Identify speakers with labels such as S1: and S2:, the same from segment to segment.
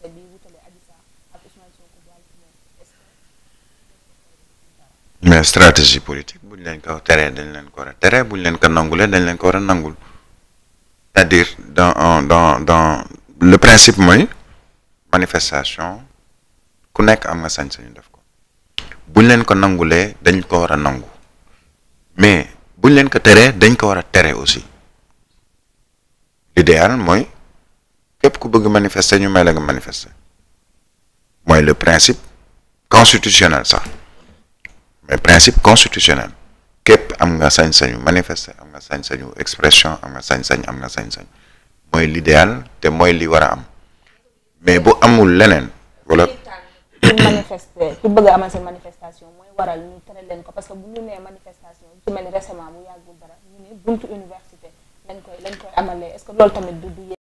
S1: procès bi mais stratégie politique buñ leen ko teree dañ leen ko war a teree buñ leen ko nangulee dañ leen ko war a nangul c'est-à-dire dans dans dans le principe mooy manifestation ku nekk am nga sañ-sañu def ko buñ leen ko nangulee dañ ko war a nangu mais buñ leen ko teree dañ ko war a tere aussi l'idéal mooy képp ku bëgg manifester ñu may la nga manifester mooy le principe constitutionnel sax mais principe constitutionnel képp am nga sañ-sañu manifester am nga sañ-sañu expression am nga sañ-sañ am na sañ-sañ mooy l'idéal te mooy li war a am mais bu amul leneen wala. pour manifester ku bëgg amal seen manifestation mooy waral ñu tere leen ko parce que bu ñu nee manifestation ci mel récemment bu yàggul dara ñu ne buntu université lañ koy lañ est que loolu tamit du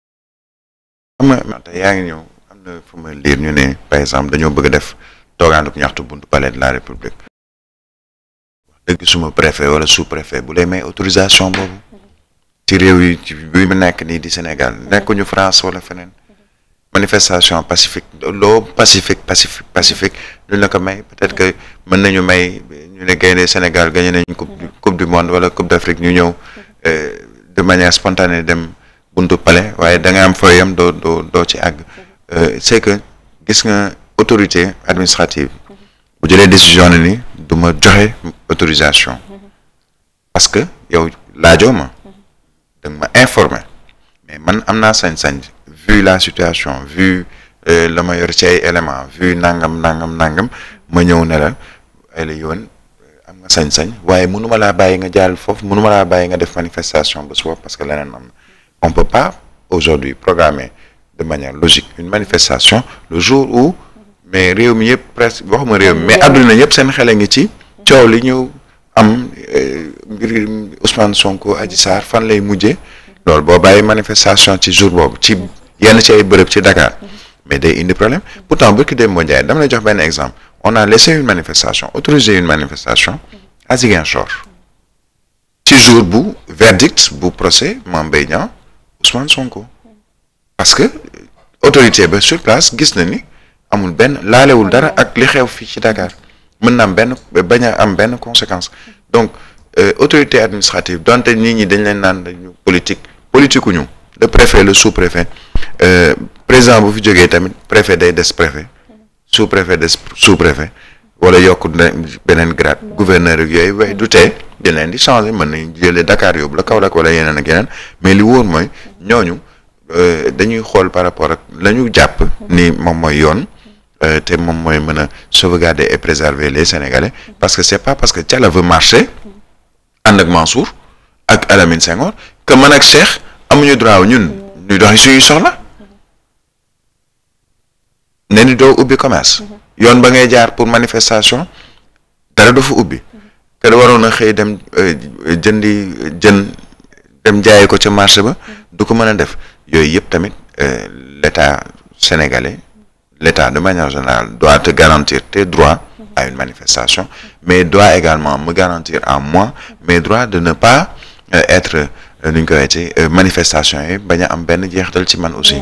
S1: am na tey yaa ngi ñëw am na fu ma liir ñu ne par exemple dañoo bëgg a def toogaandu ñaxtu buntu palais de la république wax dëgg suma préfet wala sous bu lay may autorisation boobu ci réew yi ci bi mu nekk nii di Sénégal nekkuñu France wala feneen manifestation pacifique loo pacifique pacifique lu luñ may peut-être que mën nañu may ñu ne gaynde Sénégal gagné nañ coupe du coupe du monde wala coupe d'Afrique ñu ñëw euh, de manière spontanée dem buntu palais waaye danga nga am fooyam doo doo doo ci àgg euh, c'est que gis nga autorité administrative bu jëlee décision ne ni du ma joxe autorisation parce que yow laajoo ma da ma informer mais man am naa sañ-sañ vu la situation vu euh, la ma yor ci ay éléments vu nangam nangam nangam ma ñëw ne la ay la yoon am nga sañ-sañ waaye mënuma laa bàyyi nga jàll foofu mënuma laa bàyyi nga def manifestation ba suba parce que leneen am on peut pas aujourd'hui programmer de manière logique une manifestation le jour où mais réew mi yëpp presque waxuma réew mi mais àdduna yëpp seen xel a ngi ci coow li ñu am mbir eh, Ousmane Sonko aji Sarr fan lay mujje loolu boo bàyyi manifestation ci jour boobu ci yenn ci ay bërëb ci Dakar mais day indi problème pourtant bërki dem moo jaay dama lay jox benn exemple on a laissé une manifestation autorisé une manifestation à Ziguinchor ci jour bu verdict bu procès Mame Mbaye Ousmane Sonko. parce que autorité ba sur place gis na ni amul benn laalewul dara ak li xew fii ci Dakar mën na am benn bañ a am benn conséquence donc euh, autorité administrative donte nit ñi dañ leen naan dañu politique politique ñu le préfet le sous préfet euh, président bu fi jógee tamit préfet day des préfet sous préfet des sous préfet wala yokk beneen grade gouverneur yooyu waaye du tee dañ di changer mën nañ jëlee dakaar yóbbu la Kaolack wala yeneen ak yeneen mais lu wóor mooy ñooñu euh, dañuy xool par rapport ak lañu jàpp ni moom mooy yoon euh, te moom mooy mën a sauvegarder et préserver les Sénégalais parce que c'est pas parce que Thiala veut marcher ànd ak Mansour ak Alamine Senghor que mën ak Cheikh amuñu droit ñun ñuy dox suñuy soxla ne ni doo ubbi commerce mm-hmm. yoon ba ngay jaar pour manifestation dara du ubbi te waroon a xëy dem euh, jëndi jën dem jaayi ko ca marché ba du ko mën a def yooyu yëpp tamit euh, l'État sénégalais l'État de manière générale doit te garantir tes droits à une manifestation mais doit également me garantir à mois mais droits de ne pas euh, être nuñ ñu koy weetee manifestation yi bañ am benn jeexital ci man aussi.